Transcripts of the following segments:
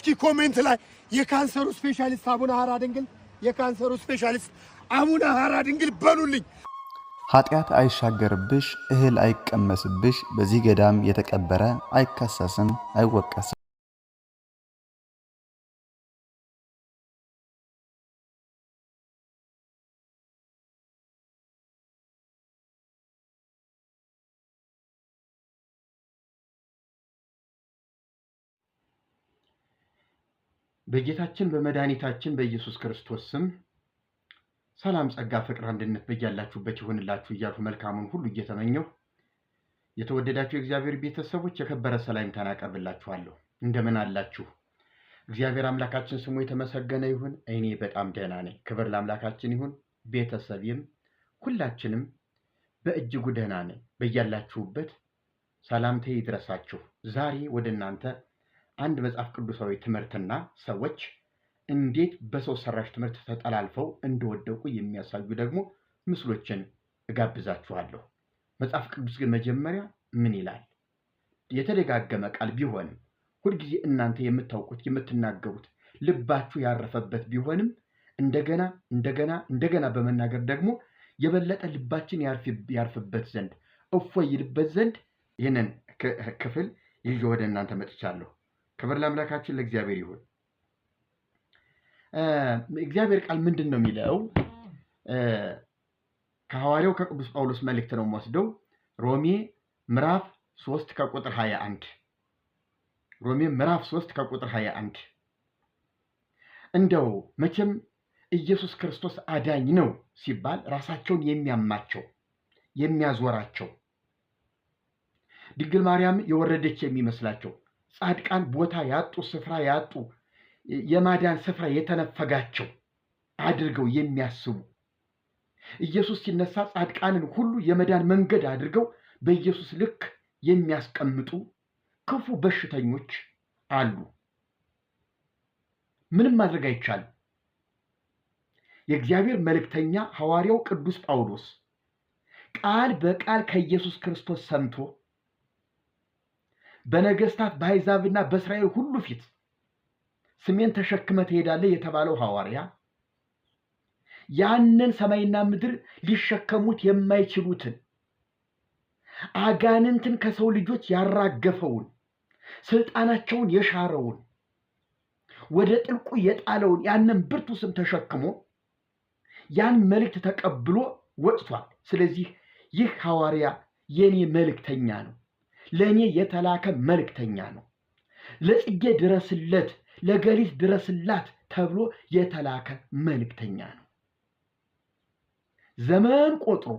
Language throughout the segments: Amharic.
እስኪ ኮሜንት ላይ የካንሰሩ ስፔሻሊስት አቡነ ሀራ ድንግል የካንሰሩ ስፔሻሊስት አቡነ ሀራ ድንግል በሉልኝ። ኃጢአት አይሻገርብሽ፣ እህል አይቀመስብሽ፣ በዚህ ገዳም የተቀበረ አይከሰስም፣ አይወቀስም። በጌታችን በመድኃኒታችን በኢየሱስ ክርስቶስ ስም ሰላም፣ ጸጋ፣ ፍቅር፣ አንድነት በያላችሁበት ይሆንላችሁ እያልኩ መልካሙን ሁሉ እየተመኘሁ የተወደዳችሁ የእግዚአብሔር ቤተሰቦች የከበረ ሰላምታን አቀርብላችኋለሁ። እንደምን አላችሁ? እግዚአብሔር አምላካችን ስሙ የተመሰገነ ይሁን። እኔ በጣም ደህና ነኝ። ክብር ለአምላካችን ይሁን። ቤተሰቤም ሁላችንም በእጅጉ ደህና ነን። በያላችሁበት ሰላምታ ይድረሳችሁ። ዛሬ ወደ እናንተ አንድ መጽሐፍ ቅዱሳዊ ትምህርትና ሰዎች እንዴት በሰው ሰራሽ ትምህርት ተጠላልፈው እንደወደቁ የሚያሳዩ ደግሞ ምስሎችን እጋብዛችኋለሁ። መጽሐፍ ቅዱስ ግን መጀመሪያ ምን ይላል? የተደጋገመ ቃል ቢሆንም ሁልጊዜ እናንተ የምታውቁት የምትናገሩት ልባችሁ ያረፈበት ቢሆንም እንደገና እንደገና እንደገና በመናገር ደግሞ የበለጠ ልባችን ያርፍበት ዘንድ እፎ ይልበት ዘንድ ይህንን ክፍል ይዤ ወደ እናንተ መጥቻለሁ። ክብር ለአምላካችን ለእግዚአብሔር ይሁን። እግዚአብሔር ቃል ምንድን ነው የሚለው? ከሐዋርያው ከቅዱስ ጳውሎስ መልእክት ነው የምወስደው። ሮሜ ምዕራፍ ሶስት ከቁጥር ሀያ አንድ ሮሜ ምዕራፍ ሶስት ከቁጥር ሀያ አንድ እንደው መቼም ኢየሱስ ክርስቶስ አዳኝ ነው ሲባል ራሳቸውን የሚያማቸው የሚያዞራቸው ድንግል ማርያም የወረደች የሚመስላቸው ጻድቃን ቦታ ያጡ ስፍራ ያጡ የማዳን ስፍራ የተነፈጋቸው አድርገው የሚያስቡ ኢየሱስ ሲነሳ ጻድቃንን ሁሉ የመዳን መንገድ አድርገው በኢየሱስ ልክ የሚያስቀምጡ ክፉ በሽተኞች አሉ። ምንም ማድረግ አይቻልም። የእግዚአብሔር መልእክተኛ ሐዋርያው ቅዱስ ጳውሎስ ቃል በቃል ከኢየሱስ ክርስቶስ ሰምቶ በነገስታት በአሕዛብና በእስራኤል ሁሉ ፊት ስሜን ተሸክመ ትሄዳለህ የተባለው ሐዋርያ ያንን ሰማይና ምድር ሊሸከሙት የማይችሉትን አጋንንትን ከሰው ልጆች ያራገፈውን ስልጣናቸውን የሻረውን ወደ ጥልቁ የጣለውን ያንን ብርቱ ስም ተሸክሞ ያን መልእክት ተቀብሎ ወጥቷል። ስለዚህ ይህ ሐዋርያ የኔ መልእክተኛ ነው። ለእኔ የተላከ መልእክተኛ ነው። ለጽጌ ድረስለት፣ ለገሊስ ድረስላት ተብሎ የተላከ መልእክተኛ ነው። ዘመን ቆጥሮ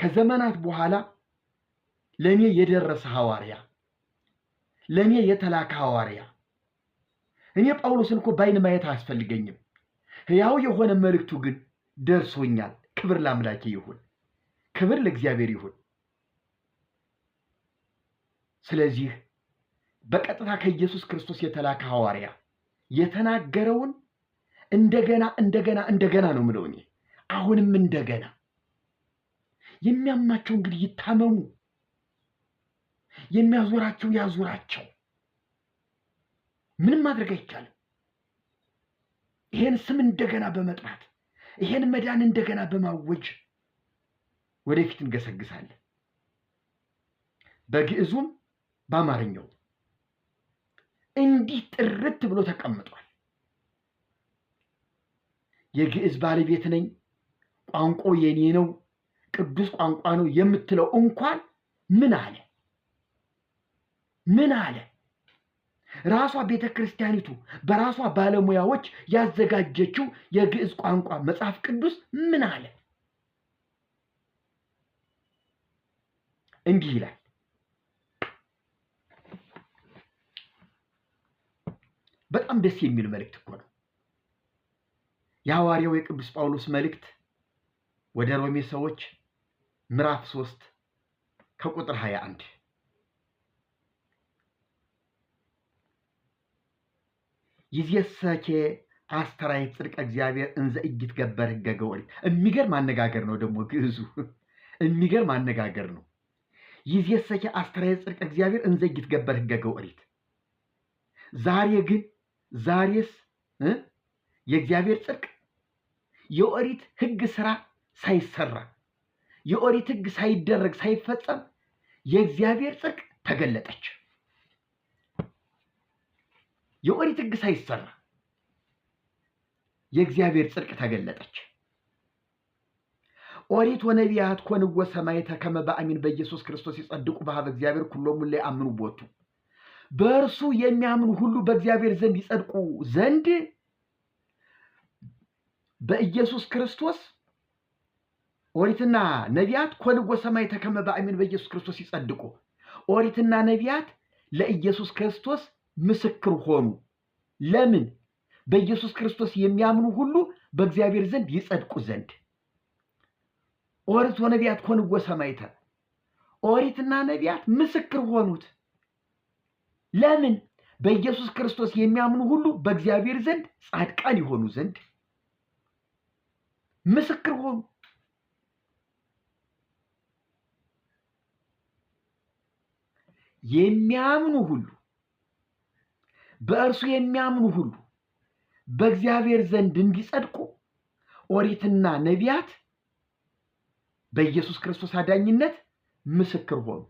ከዘመናት በኋላ ለእኔ የደረሰ ሐዋርያ፣ ለእኔ የተላከ ሐዋርያ። እኔ ጳውሎስን እኮ በዓይን ማየት አያስፈልገኝም። ሕያው የሆነ መልእክቱ ግን ደርሶኛል። ክብር ለአምላኬ ይሁን፣ ክብር ለእግዚአብሔር ይሁን። ስለዚህ በቀጥታ ከኢየሱስ ክርስቶስ የተላከ ሐዋርያ የተናገረውን እንደገና እንደገና እንደገና ነው ምለው እኔ አሁንም እንደገና የሚያማቸው እንግዲህ ይታመሙ፣ የሚያዞራቸው ያዞራቸው። ምንም ማድረግ አይቻልም። ይሄን ስም እንደገና በመጥራት ይሄን መዳን እንደገና በማወጅ ወደፊት እንገሰግሳለን። በግዕዙም በአማርኛው እንዲህ ጥርት ብሎ ተቀምጧል። የግዕዝ ባለቤት ነኝ፣ ቋንቋው የኔ ነው፣ ቅዱስ ቋንቋ ነው የምትለው እንኳን ምን አለ ምን አለ ራሷ ቤተ ክርስቲያኒቱ በራሷ ባለሙያዎች ያዘጋጀችው የግዕዝ ቋንቋ መጽሐፍ ቅዱስ ምን አለ? እንዲህ ይላል በጣም ደስ የሚል መልእክት እኮ ነው። የሐዋርያው የቅዱስ ጳውሎስ መልእክት ወደ ሮሜ ሰዎች ምዕራፍ ሶስት ከቁጥር ሀያ አንድ ይዜሰኬ አስተራይ ጽድቀ እግዚአብሔር እንዘ እይትገበር ሕገ ገወሪ። የሚገርም አነጋገር ነው ደግሞ ግዕዙ፣ የሚገርም አነጋገር ነው። ይዜሰኬ አስተራይ ጽድቀ እግዚአብሔር እንዘ እይትገበር ሕገ ገወሪት ዛሬ ግን ዛሬስ የእግዚአብሔር ጽድቅ የኦሪት ሕግ ስራ ሳይሰራ የኦሪት ሕግ ሳይደረግ ሳይፈጸም የእግዚአብሔር ጽድቅ ተገለጠች። የኦሪት ሕግ ሳይሰራ የእግዚአብሔር ጽድቅ ተገለጠች። ኦሪት ወነቢያት ኮንወ ሰማዕታተ ከመ በአሚን በኢየሱስ ክርስቶስ የጸድቁ በሀበ እግዚአብሔር ኩሎሙ ላይ ይአምኑ ቦቱ በእርሱ የሚያምኑ ሁሉ በእግዚአብሔር ዘንድ ይጸድቁ ዘንድ በኢየሱስ ክርስቶስ ኦሪትና ነቢያት ኮንጎ ሰማይ ተከመ በአሚን በኢየሱስ ክርስቶስ ይጸድቁ። ኦሪትና ነቢያት ለኢየሱስ ክርስቶስ ምስክር ሆኑ። ለምን? በኢየሱስ ክርስቶስ የሚያምኑ ሁሉ በእግዚአብሔር ዘንድ ይጸድቁ ዘንድ። ኦሪት ወነቢያት ኮንጎ ሰማይተ፣ ኦሪትና ነቢያት ምስክር ሆኑት። ለምን? በኢየሱስ ክርስቶስ የሚያምኑ ሁሉ በእግዚአብሔር ዘንድ ጻድቃን የሆኑ ዘንድ ምስክር ሆኑ። የሚያምኑ ሁሉ በእርሱ የሚያምኑ ሁሉ በእግዚአብሔር ዘንድ እንዲጸድቁ ኦሪትና ነቢያት በኢየሱስ ክርስቶስ አዳኝነት ምስክር ሆኑ።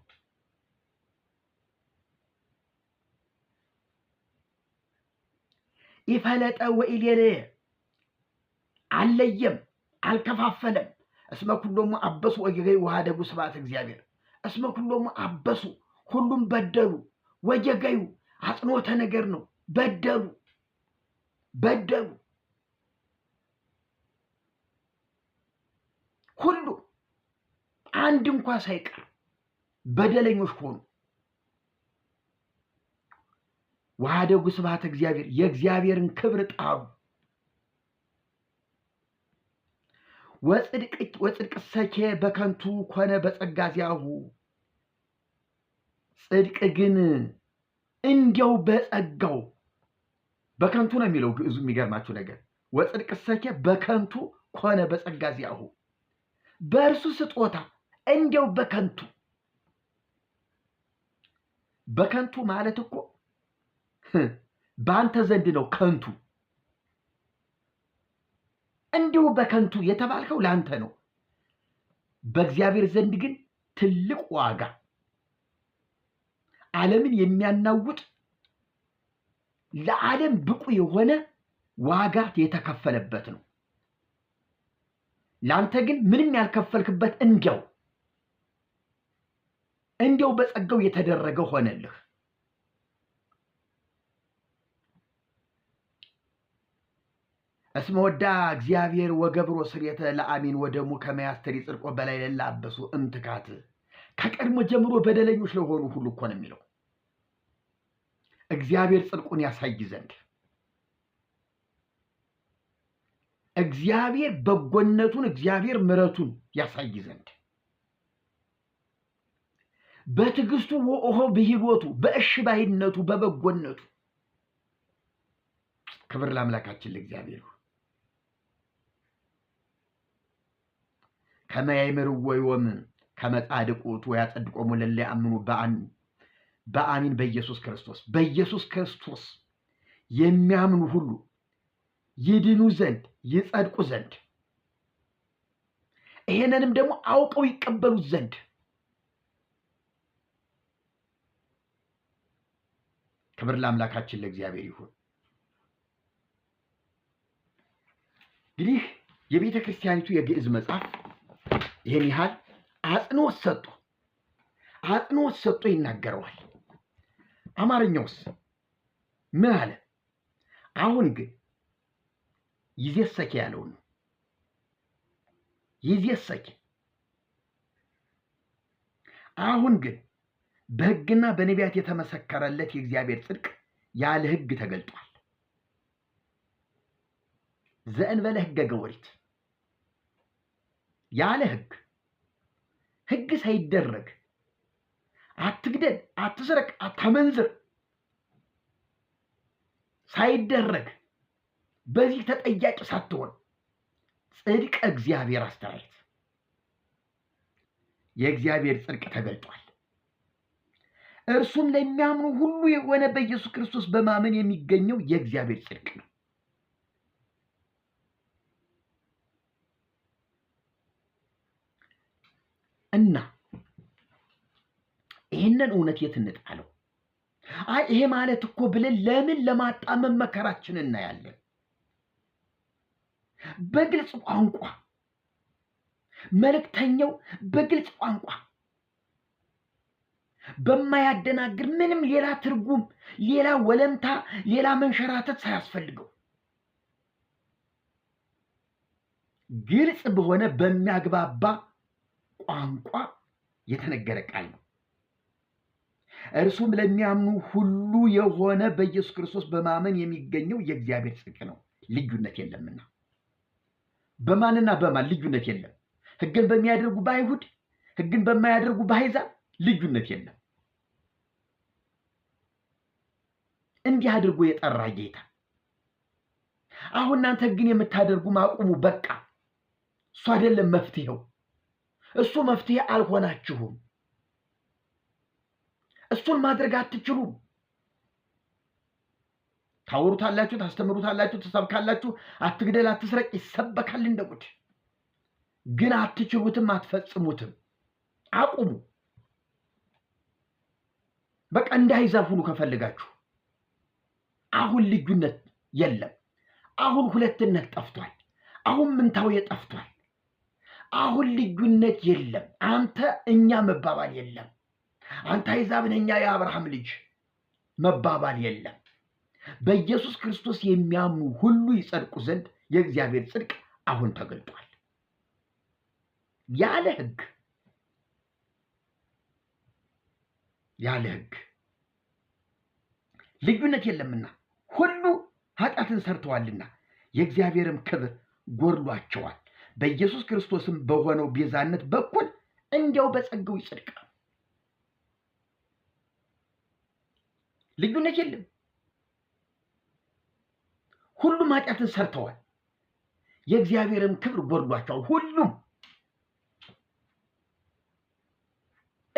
የፈለጠ ወኢሌለየ አለየም፣ አልከፋፈለም። እስመ ኩሎሙ አበሱ ውሃ ወሀደጉ ስባት እግዚአብሔር። እስመ ኩሎሙ አበሱ ሁሉም በደሉ፣ ወጀገዩ አጽንዖተ ነገር ነው። በደሉ በደሉ ሁሉ አንድ እንኳ ሳይቀር በደለኞች ሆኑ። ዋህደጉ ስብሐተ እግዚአብሔር የእግዚአብሔርን ክብር ጣሩ። ወጽድቅ ሰኬ በከንቱ ኮነ በጸጋ ዚያሁ ጽድቅ ግን እንዲያው በጸጋው በከንቱ ነው የሚለው ግዕዙ። የሚገርማችሁ ነገር ወጽድቅ ሰኬ በከንቱ ኮነ በጸጋ ዚያሁ በእርሱ ስጦታ እንዲያው በከንቱ በከንቱ ማለት እኮ በአንተ ዘንድ ነው ከንቱ። እንዲሁ በከንቱ የተባልከው ለአንተ ነው፣ በእግዚአብሔር ዘንድ ግን ትልቅ ዋጋ ዓለምን የሚያናውጥ ለዓለም ብቁ የሆነ ዋጋ የተከፈለበት ነው። ለአንተ ግን ምንም ያልከፈልክበት እንዲያው እንዲያው በጸጋው የተደረገ ሆነልህ። እስመ ወዳ እግዚአብሔር ወገብሮ ስርየተ ለአሚን ወደሙ ከመ ያስተሪ ጽድቆ በላይ ለላበሱ እምትካት ከቀድሞ ጀምሮ በደለኞች ለሆኑ ሁሉ እኮ ነው የሚለው እግዚአብሔር ጽድቁን ያሳይ ዘንድ እግዚአብሔር በጎነቱን እግዚአብሔር ምረቱን ያሳይ ዘንድ በትዕግስቱ ወኦሆ ብሂሎቱ በእሺ ባይነቱ በበጎነቱ ክብር ለአምላካችን ለእግዚአብሔር ከመያይምርዎ ዮም ከመጻድቁ ወያጸድቆሙ ለለ ያአምኑ በአሚን በአሚን በኢየሱስ ክርስቶስ በኢየሱስ ክርስቶስ የሚያምኑ ሁሉ ይድኑ ዘንድ ይጸድቁ ዘንድ ይሄንንም ደግሞ አውቀው ይቀበሉት ዘንድ ክብር ለአምላካችን ለእግዚአብሔር ይሁን። እንግዲህ የቤተ ክርስቲያኒቱ የግዕዝ መጽሐፍ ይህን ያህል አጽንኦት ሰጡ አጽንኦት ሰጡ ይናገረዋል። አማርኛውስ ምን አለ? አሁን ግን ይዜሰኬ ያለው ነው። ይዜሰኬ አሁን ግን በሕግና በነቢያት የተመሰከረለት የእግዚአብሔር ጽድቅ ያለ ሕግ ተገልጧል። ዘእንበለ ሕገ ገ ያለ ህግ ህግ ሳይደረግ አትግደል፣ አትስረቅ፣ አታመንዝር ሳይደረግ በዚህ ተጠያቂ ሳትሆን ጽድቅ እግዚአብሔር አስተራየት የእግዚአብሔር ጽድቅ ተገልጧል። እርሱም ለሚያምኑ ሁሉ የሆነ በኢየሱስ ክርስቶስ በማመን የሚገኘው የእግዚአብሔር ጽድቅ ነው። እና ይህንን እውነት የት እንጣለው? አይ ይሄ ማለት እኮ ብለን ለምን ለማጣመም መከራችን እናያለን። በግልጽ ቋንቋ መልእክተኛው በግልጽ ቋንቋ በማያደናግር ምንም ሌላ ትርጉም፣ ሌላ ወለምታ፣ ሌላ መንሸራተት ሳያስፈልገው ግልጽ በሆነ በሚያግባባ ቋንቋ የተነገረ ቃል ነው። እርሱም ለሚያምኑ ሁሉ የሆነ በኢየሱስ ክርስቶስ በማመን የሚገኘው የእግዚአብሔር ጽድቅ ነው። ልዩነት የለምና በማንና በማን ልዩነት የለም። ሕግን በሚያደርጉ በአይሁድ፣ ሕግን በማያደርጉ በአሕዛብ ልዩነት የለም። እንዲህ አድርጎ የጠራ ጌታ አሁን እናንተ ሕግን የምታደርጉ ማቁሙ በቃ እሱ አይደለም መፍትሄው። እሱ መፍትሄ አልሆናችሁም። እሱን ማድረግ አትችሉም። ታወሩታላችሁ፣ ታስተምሩታላችሁ፣ ትሰብካላችሁ። አትግደል፣ አትስረቅ ይሰበካል እንደ ጉድ። ግን አትችሉትም፣ አትፈጽሙትም። አቁሙ። በቃ እንዳይዛ ሁኑ ከፈልጋችሁ። አሁን ልዩነት የለም። አሁን ሁለትነት ጠፍቷል። አሁን ምንታው ጠፍቷል። አሁን ልዩነት የለም። አንተ እኛ መባባል የለም። አንተ አይዛብን እኛ የአብርሃም ልጅ መባባል የለም። በኢየሱስ ክርስቶስ የሚያምኑ ሁሉ ይጸድቁ ዘንድ የእግዚአብሔር ጽድቅ አሁን ተገልጧል። ያለ ሕግ ያለ ሕግ ልዩነት የለምና ሁሉ ኃጢአትን ሰርተዋልና የእግዚአብሔርም ክብር ጎድሏቸዋል። በኢየሱስ ክርስቶስም በሆነው ቤዛነት በኩል እንዲያው በጸጋው ይጸድቃል። ልዩነት የለም። ሁሉም ኃጢአትን ሰርተዋል፣ የእግዚአብሔርም ክብር ጎድሏቸዋል። ሁሉም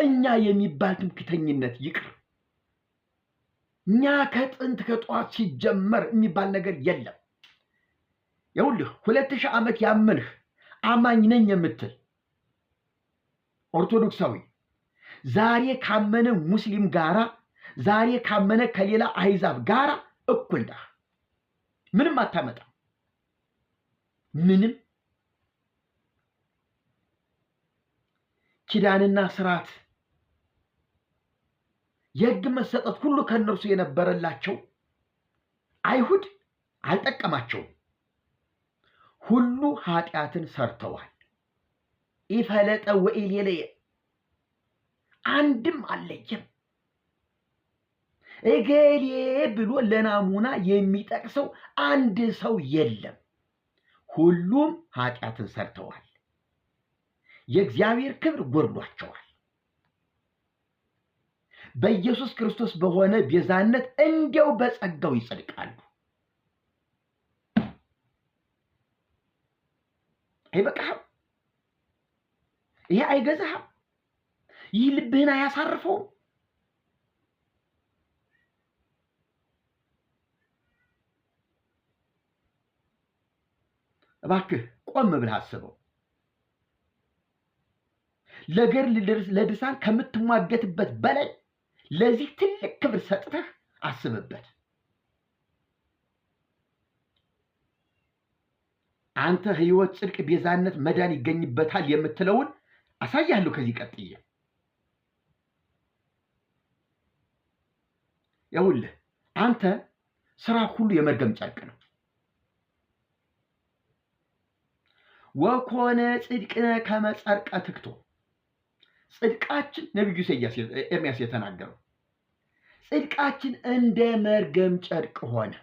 እኛ የሚባል ትምክተኝነት ይቅር። እኛ ከጥንት ከጠዋት ሲጀመር የሚባል ነገር የለም። ይኸውልህ ሁለት ሺህ ዓመት ያመንህ አማኝ ነኝ የምትል ኦርቶዶክሳዊ ዛሬ ካመነ ሙስሊም ጋራ ዛሬ ካመነ ከሌላ አህዛብ ጋራ እኩል ነህ። ምንም አታመጣም። ምንም ኪዳንና ስርዓት የህግ መሰጠት ሁሉ ከእነርሱ የነበረላቸው አይሁድ አልጠቀማቸውም። ሁሉ ኃጢአትን ሰርተዋል። ኢፈለጠ ወኢሌለየ አንድም አለየም። እገሌ ብሎ ለናሙና የሚጠቅሰው አንድ ሰው የለም። ሁሉም ኃጢአትን ሰርተዋል፣ የእግዚአብሔር ክብር ጎድሏቸዋል። በኢየሱስ ክርስቶስ በሆነ ቤዛነት እንዲያው በጸጋው ይጸድቃሉ። አይበቃህም? ይሄ አይገዛህም? ይህ ልብህን አያሳርፈውም? እባክህ ቆም ብለህ አስበው። ለገር ለድርሳን ከምትሟገትበት በላይ ለዚህ ትልቅ ክብር ሰጥተህ አስብበት። አንተ ህይወት፣ ጽድቅ፣ ቤዛነት፣ መዳን ይገኝበታል የምትለውን አሳያለሁ ከዚህ ቀጥዬ። ይኸውልህ አንተ ስራ ሁሉ የመርገም ጨርቅ ነው። ወኮነ ጽድቅነ ከመጸርቀ ትክቶ ጽድቃችን ነቢዩ ኤርሚያስ የተናገረው ጽድቃችን እንደ መርገም ጨርቅ ሆነ።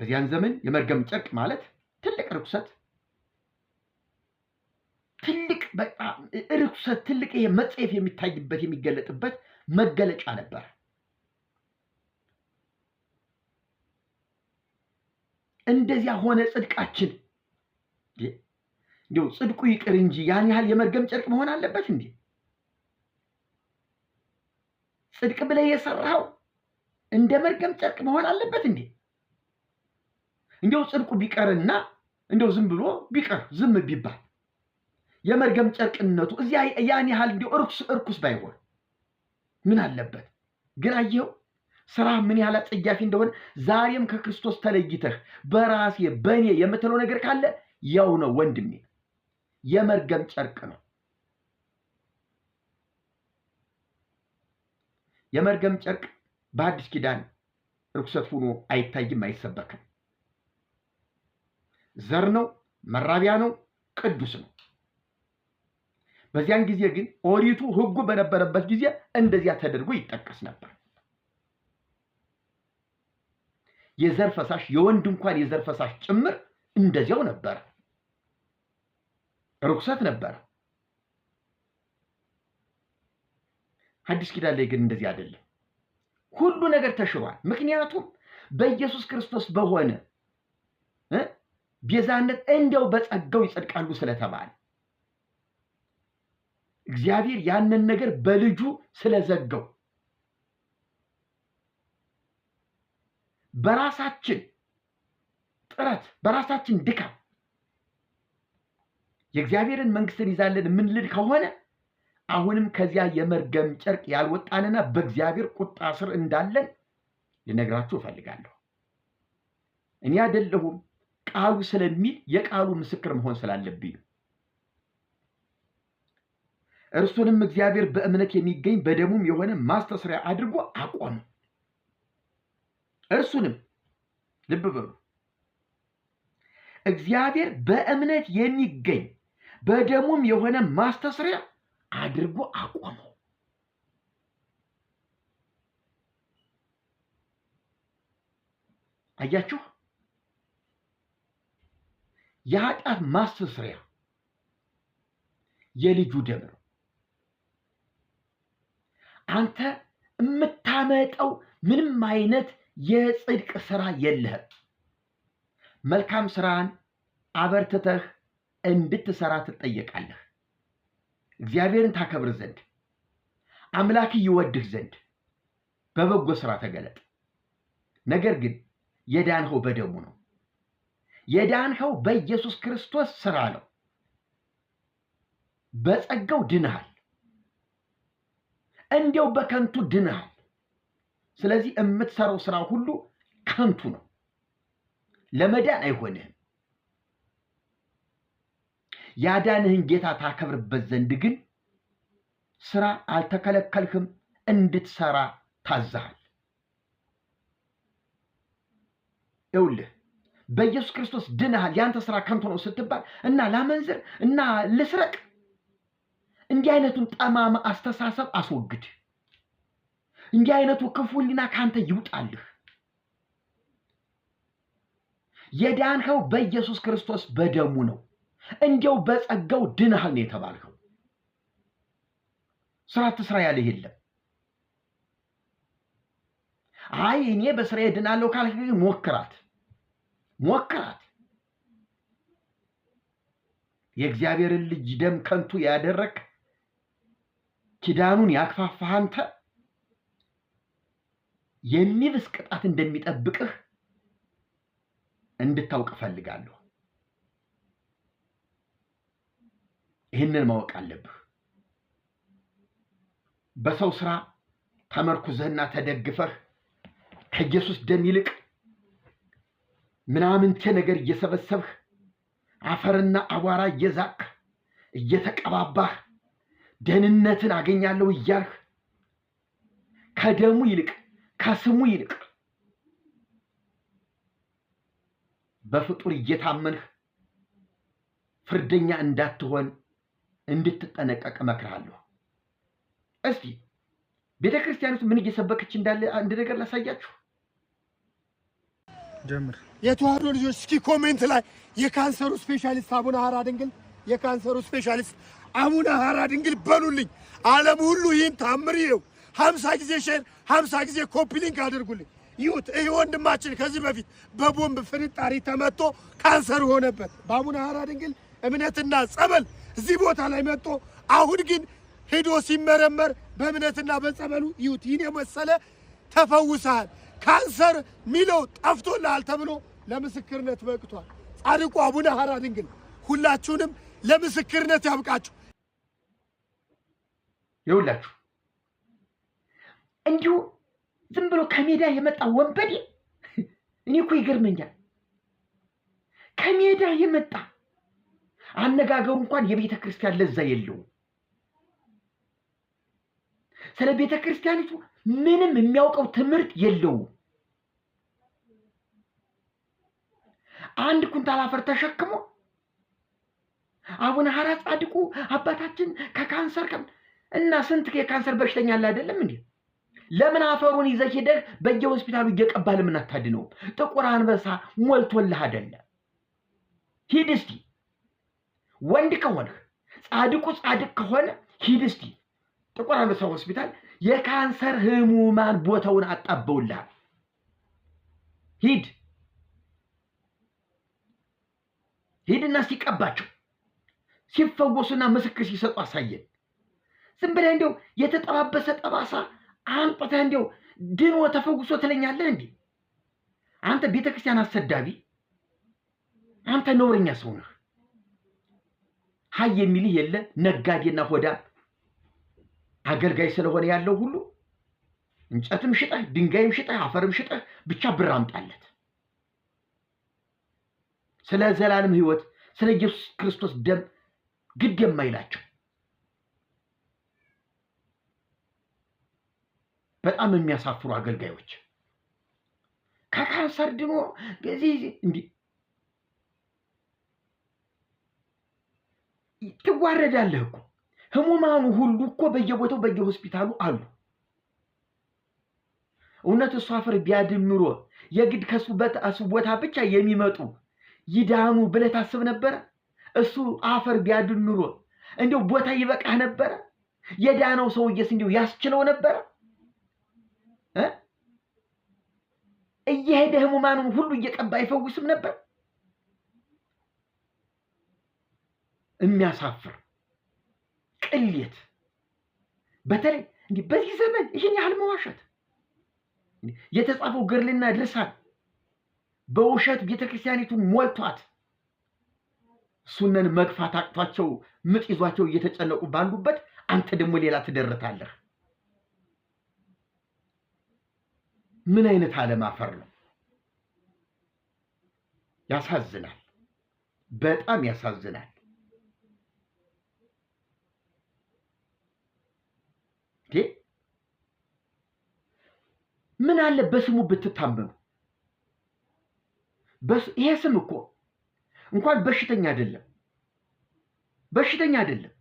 በዚያን ዘመን የመርገም ጨርቅ ማለት ትልቅ ርኩሰት፣ ትልቅ በጣም ርኩሰት፣ ትልቅ ይሄ መጽሔፍ የሚታይበት የሚገለጥበት መገለጫ ነበር። እንደዚያ ሆነ ጽድቃችን። እንዲው ጽድቁ ይቅር እንጂ ያን ያህል የመርገም ጨርቅ መሆን አለበት እንዴ? ጽድቅ ብለህ የሰራው እንደ መርገም ጨርቅ መሆን አለበት እንዴ? እንዲያው ጽድቁ ቢቀርና እንዲያው ዝም ብሎ ቢቀር ዝም ቢባል የመርገም ጨርቅነቱ እዚያ ያን ያህል እንዲያው እርኩስ እርኩስ ባይሆን ምን አለበት? ግን አየው ስራ ምን ያህል አጸያፊ እንደሆነ። ዛሬም ከክርስቶስ ተለይተህ በራሴ በእኔ የምትለው ነገር ካለ ያው ነው ወንድሜ፣ የመርገም ጨርቅ ነው። የመርገም ጨርቅ በአዲስ ኪዳን ርኩሰት ሆኖ አይታይም፣ አይሰበክም። ዘር ነው፣ መራቢያ ነው፣ ቅዱስ ነው። በዚያን ጊዜ ግን ኦሪቱ ህጉ በነበረበት ጊዜ እንደዚያ ተደርጎ ይጠቀስ ነበር። የዘር ፈሳሽ የወንድ እንኳን የዘር ፈሳሽ ጭምር እንደዚያው ነበር ርኩሰት ነበር አዲስ ኪዳን ላይ ግን እንደዚህ አይደለም። ሁሉ ነገር ተሽሯል። ምክንያቱም በኢየሱስ ክርስቶስ በሆነ ቤዛነት እንደው በጸጋው ይጸድቃሉ ስለተባለ እግዚአብሔር ያንን ነገር በልጁ ስለዘገው በራሳችን ጥረት በራሳችን ድካም የእግዚአብሔርን መንግስትን ይዛለን የምንልድ ከሆነ አሁንም ከዚያ የመርገም ጨርቅ ያልወጣንና በእግዚአብሔር ቁጣ ስር እንዳለን ልነግራችሁ እፈልጋለሁ። እኔ አይደለሁም ቃሉ ስለሚል የቃሉ ምስክር መሆን ስላለብኝ እርሱንም እግዚአብሔር በእምነት የሚገኝ በደሙም የሆነ ማስተስሪያ አድርጎ አቆመ። እርሱንም ልብ በሉ እግዚአብሔር በእምነት የሚገኝ በደሙም የሆነ ማስተስሪያ አድርጎ አቆመው። አያችሁ የኃጢአት ማስተስሪያ የልጁ ደም ነው። አንተ የምታመጠው ምንም አይነት የጽድቅ ስራ የለህም። መልካም ስራን አበርትተህ እንድትሰራ ትጠየቃለህ። እግዚአብሔርን ታከብር ዘንድ አምላክ ይወድህ ዘንድ በበጎ ስራ ተገለጥ። ነገር ግን የዳንኸው በደሙ ነው። የዳንኸው በኢየሱስ ክርስቶስ ስራ ነው። በጸጋው ድንሃል፣ እንዲያው በከንቱ ድንሃል። ስለዚህ የምትሰራው ስራ ሁሉ ከንቱ ነው፣ ለመዳን አይሆንህም። ያዳንህን ጌታ ታከብርበት ዘንድ ግን ስራ አልተከለከልህም፣ እንድትሰራ ታዛሃል። ይውልህ በኢየሱስ ክርስቶስ ድነሃል፣ የአንተ ስራ ከንቱ ነው ስትባል እና ላመንዝር እና ልስረቅ፣ እንዲህ አይነቱን ጠማማ አስተሳሰብ አስወግድ። እንዲህ አይነቱ ክፉ ሕሊና ከአንተ ይውጣልህ። የዳንኸው በኢየሱስ ክርስቶስ በደሙ ነው። እንዲያው በጸጋው ድነሃል ነው የተባልከው። ስራ ትስራ ያለህ የለም። አይ እኔ በስራ ድናለሁ ካልክ ሞክራት። ሞክራት። የእግዚአብሔርን ልጅ ደም ከንቱ ያደረግ ኪዳኑን ያክፋፋህ አንተ የሚብስ ቅጣት እንደሚጠብቅህ እንድታውቅ እፈልጋለሁ። ይህንን ማወቅ አለብህ። በሰው ስራ ተመርኩዘህና ተደግፈህ ከኢየሱስ ደም ይልቅ ምናምንቴ ነገር እየሰበሰብህ አፈርና አቧራ እየዛቅ እየተቀባባህ ደህንነትን አገኛለሁ እያልህ ከደሙ ይልቅ ከስሙ ይልቅ በፍጡር እየታመንህ ፍርደኛ እንዳትሆን እንድትጠነቀቅ እመክርሃለሁ። እስቲ ቤተ ክርስቲያን ውስጥ ምን እየሰበከች እንዳለ አንድ ነገር ላሳያችሁ። ጀምር የተዋህዶ ልጆች እስኪ ኮሜንት ላይ የካንሰሩ ስፔሻሊስት አቡነ ሀራ ድንግል የካንሰሩ ስፔሻሊስት አቡነ ሀራ ድንግል በሉልኝ። ዓለም ሁሉ ይህን ታምር ይኸው ሀምሳ ጊዜ ሼር ሀምሳ ጊዜ ኮፒሊንክ አድርጉልኝ። ይሁት ይህ ወንድማችን ከዚህ በፊት በቦምብ ፍንጣሪ ተመቶ ካንሰር ሆነበት። በአቡነ ሀራ ድንግል እምነትና ጸበል እዚህ ቦታ ላይ መጥቶ አሁን ግን ሄዶ ሲመረመር በእምነትና በጸበሉ ይሁት ይህን የመሰለ ተፈውሰሃል። ካንሰር ሚለው ጠፍቶልሃል ተብሎ ለምስክርነት በቅቷል። ጻድቁ አቡነ ሐራ ድንግል ሁላችሁንም ለምስክርነት ያብቃችሁ። ይውላችሁ እንዲሁ ዝም ብሎ ከሜዳ የመጣ ወንበዴ እኔ እኮ ይገርመኛል። ከሜዳ የመጣ አነጋገሩ እንኳን የቤተ ክርስቲያን ለዛ የለውም። ስለ ቤተ ክርስቲያኒቱ ምንም የሚያውቀው ትምህርት የለውም። አንድ ኩንታል አፈር ተሸክሞ አቡነ ሐራ ጻድቁ አባታችን ከካንሰር እና ስንት የካንሰር በሽተኛ አለ አይደለም እንዴ? ለምን አፈሩን ይዘህ ሄደህ በየሆስፒታሉ እየቀባ ለምን አታድነውም? ጥቁር አንበሳ ሞልቶልህ አይደለ? ሂድ እስቲ ወንድ ከሆንህ ጻድቁ ጻድቅ ከሆነ ሂድ እስቲ ጥቁር አንበሳ ሆስፒታል የካንሰር ህሙማን ቦታውን አጣበውልሃል። ሂድ ሂድና ሲቀባቸው ሲፈወሱና ምስክር ሲሰጡ አሳየን። ዝም ብለህ እንዲያው የተጠባበሰ ጠባሳ አንጥተህ እንዲያው ድኖ ተፈውሶ ትለኛለህ እንዴ? አንተ ቤተ ክርስቲያን አሰዳቢ፣ አንተ ነውረኛ ሰው ነህ። ሀይ የሚልህ የለ ነጋዴና ሆዳ አገልጋይ ስለሆነ ያለው ሁሉ እንጨትም ሽጠህ፣ ድንጋይም ሽጠህ፣ አፈርም ሽጠህ ብቻ ብር አምጣለት። ስለ ዘላለም ሕይወት ስለ ኢየሱስ ክርስቶስ ደም ግድ የማይላቸው በጣም የሚያሳፍሩ አገልጋዮች ከካንሰር ድኖ እንዲህ ትዋረዳለህ እኮ ህሙማኑ ሁሉ እኮ በየቦታው በየሆስፒታሉ አሉ። እውነት እሱ አፈር ቢያድን ኑሮ የግድ ከሱ ቦታ ብቻ የሚመጡ ይዳኑ ብለህ ታስብ ነበረ? እሱ አፈር ቢያድን ኑሮ እንዲው ቦታ ይበቃህ ነበረ? የዳነው ሰውዬስ እንዲሁ ያስችለው ነበረ? እየሄደ ህሙማኑን ሁሉ እየቀባ አይፈውስም ነበር? የሚያሳፍር ቅሌት በተለይ እንዲህ በዚህ ዘመን ይህን ያህል መዋሸት የተጻፈው ገድልና ድርሳን በውሸት ቤተክርስቲያኒቱን ሞልቷት እሱነን መግፋት አቅቷቸው ምጥ ይዟቸው እየተጨነቁ ባሉበት አንተ ደግሞ ሌላ ትደርታለህ። ምን አይነት አፈር ነው? ያሳዝናል፣ በጣም ያሳዝናል። ምን አለ በስሙ ብትታመኑ ይሄ ስም እኮ እንኳን በሽተኛ አይደለም፣ በሽተኛ አይደለም፣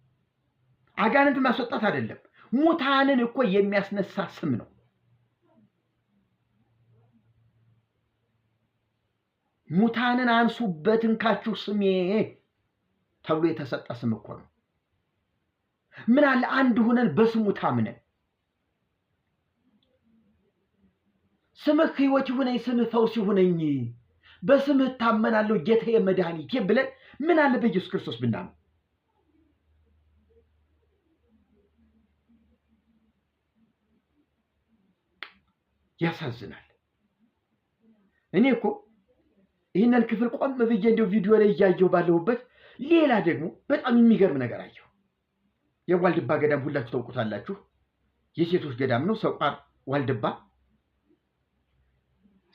አጋንንት ማስወጣት አይደለም፣ ሙታንን እኮ የሚያስነሳ ስም ነው። ሙታንን አንሱበት እንካችሁ ስሜ ተብሎ የተሰጠ ስም እኮ ነው። ምን አለ አንድ ሆነን በስሙ ታምነን ስምህ ህይወት ይሁነኝ፣ ስምህ ፈውስ ይሁነኝ፣ በስምህ እታመናለሁ ጌታዬ መድኃኒቴ ብለን ምን አለ በኢየሱስ ክርስቶስ ብናም ያሳዝናል። እኔ እኮ ይህንን ክፍል ቆም ብዬ እንደው ቪዲዮ ላይ እያየሁ ባለሁበት ሌላ ደግሞ በጣም የሚገርም ነገር አየሁ። የዋልድባ ገዳም ሁላችሁ ታውቁታላችሁ። የሴቶች ገዳም ነው፣ ሰቋር ዋልድባ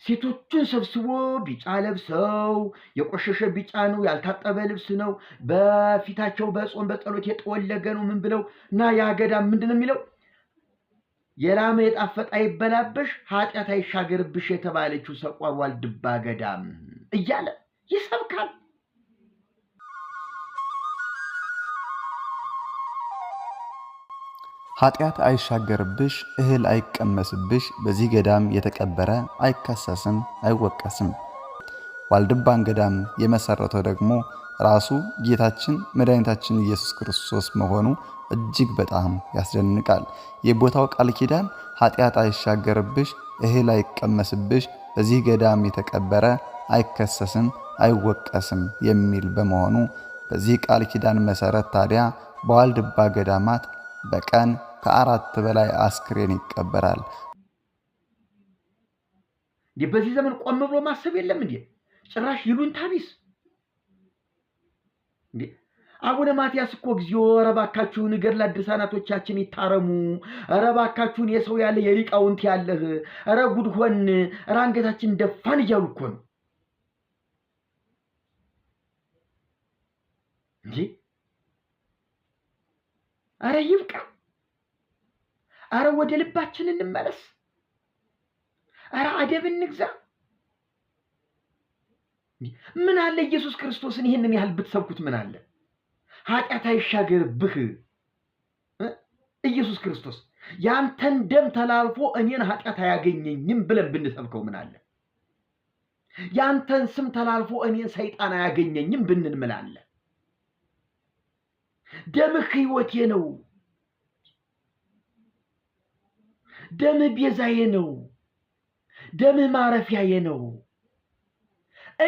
ሴቶችን ሰብስቦ ቢጫ ለብሰው የቆሸሸ ቢጫ ነው፣ ያልታጠበ ልብስ ነው፣ በፊታቸው በጾም በጸሎት የጠወለገ ነው። ምን ብለው እና ያገዳ ምንድን ነው የሚለው የላመ የጣፈጠ አይበላበሽ ኃጢአት አይሻገርብሽ የተባለችው ሰቋ ዋልድባ ገዳም እያለ ይሰብካል። ኃጢአት አይሻገርብሽ፣ እህል አይቀመስብሽ፣ በዚህ ገዳም የተቀበረ አይካሰስም፣ አይወቀስም። ዋልድባን ገዳም የመሰረተው ደግሞ ራሱ ጌታችን መድኃኒታችን ኢየሱስ ክርስቶስ መሆኑ እጅግ በጣም ያስደንቃል። የቦታው ቃል ኪዳን ኃጢአት አይሻገርብሽ፣ እህል አይቀመስብሽ፣ በዚህ ገዳም የተቀበረ አይከሰስም፣ አይወቀስም የሚል በመሆኑ በዚህ ቃል ኪዳን መሰረት ታዲያ በዋልድባ ገዳማት በቀን ከአራት በላይ አስክሬን ይቀበራል። በዚህ ዘመን ቆም ብሎ ማሰብ የለም እንዴ? ጭራሽ ይሉኝታ ቢስ እንዴ! አቡነ ማትያስ እኮ እግዚኦ፣ ረባካችሁን እባካችሁን ገድላት ድርሳናቶቻችን ይታረሙ፣ ረባካችሁን የሰው ያለ የሊቃውንት ያለህ፣ ኧረ ጉድ ሆን፣ ራንገታችን አንገታችን ደፋን እያሉ እኮ ነው እንጂ አረ ይብቃ። አረ ወደ ልባችን እንመለስ። አረ አደብ እንግዛ። ምን አለ ኢየሱስ ክርስቶስን ይህንን ያህል ብትሰብኩት ምን አለ? ኃጢአት አይሻገርብህ። ኢየሱስ ክርስቶስ ያንተን ደም ተላልፎ እኔን ኃጢአት አያገኘኝም ብለን ብንሰብከው ምን አለ? ያንተን ስም ተላልፎ እኔን ሰይጣን አያገኘኝም ብንል ምን አለ? ደምህ ህይወቴ ነው ደም ቤዛዬ ነው፣ ደም ማረፊያዬ ነው፣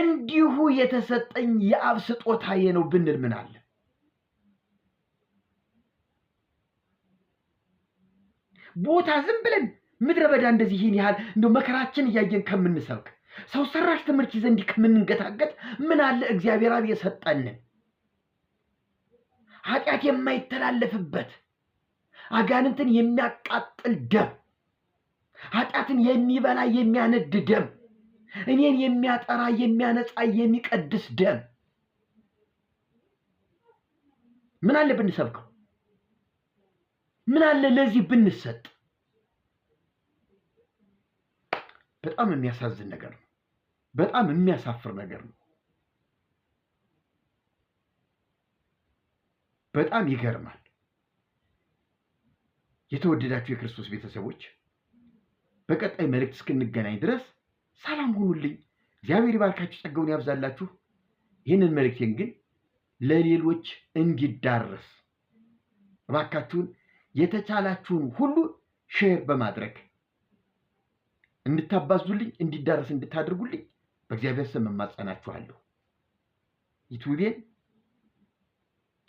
እንዲሁ የተሰጠኝ የአብ ስጦታዬ ነው ብንል ምን አለ? ቦታ ዝም ብለን ምድረ በዳ እንደዚህ ይህን ያህል እንደ መከራችን እያየን ከምንሰብክ ሰው ሰራሽ ትምህርት ይዘን እንዲህ ከምንንገታገጥ ምን አለ እግዚአብሔር አብ የሰጠንን ኃጢአት የማይተላለፍበት አጋንንትን የሚያቃጥል ደም ኃጢአትን የሚበላ የሚያነድ ደም፣ እኔን የሚያጠራ የሚያነጻ የሚቀድስ ደም። ምን አለ ብንሰብከው? ምን አለ ለዚህ ብንሰጥ? በጣም የሚያሳዝን ነገር ነው። በጣም የሚያሳፍር ነገር ነው። በጣም ይገርማል። የተወደዳችሁ የክርስቶስ ቤተሰቦች በቀጣይ መልእክት እስክንገናኝ ድረስ ሰላም ሁኑልኝ። እግዚአብሔር ይባርካችሁ፣ ጸጋውን ያብዛላችሁ። ይህንን መልእክቴን ግን ለሌሎች እንዲዳረስ እባካችሁን የተቻላችሁን ሁሉ ሼር በማድረግ እንድታባዙልኝ እንዲዳረስ እንድታደርጉልኝ በእግዚአብሔር ስም እማጸናችኋለሁ። ዩቱቤን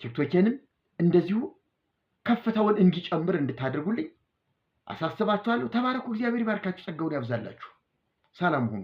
ቲክቶኬንም እንደዚሁ ከፍታውን እንዲጨምር እንድታደርጉልኝ አሳስባችኋለሁ። ተባረኩ። እግዚአብሔር ይባርካችሁ፣ ጸጋውን ያብዛላችሁ። ሰላም ሁኑ።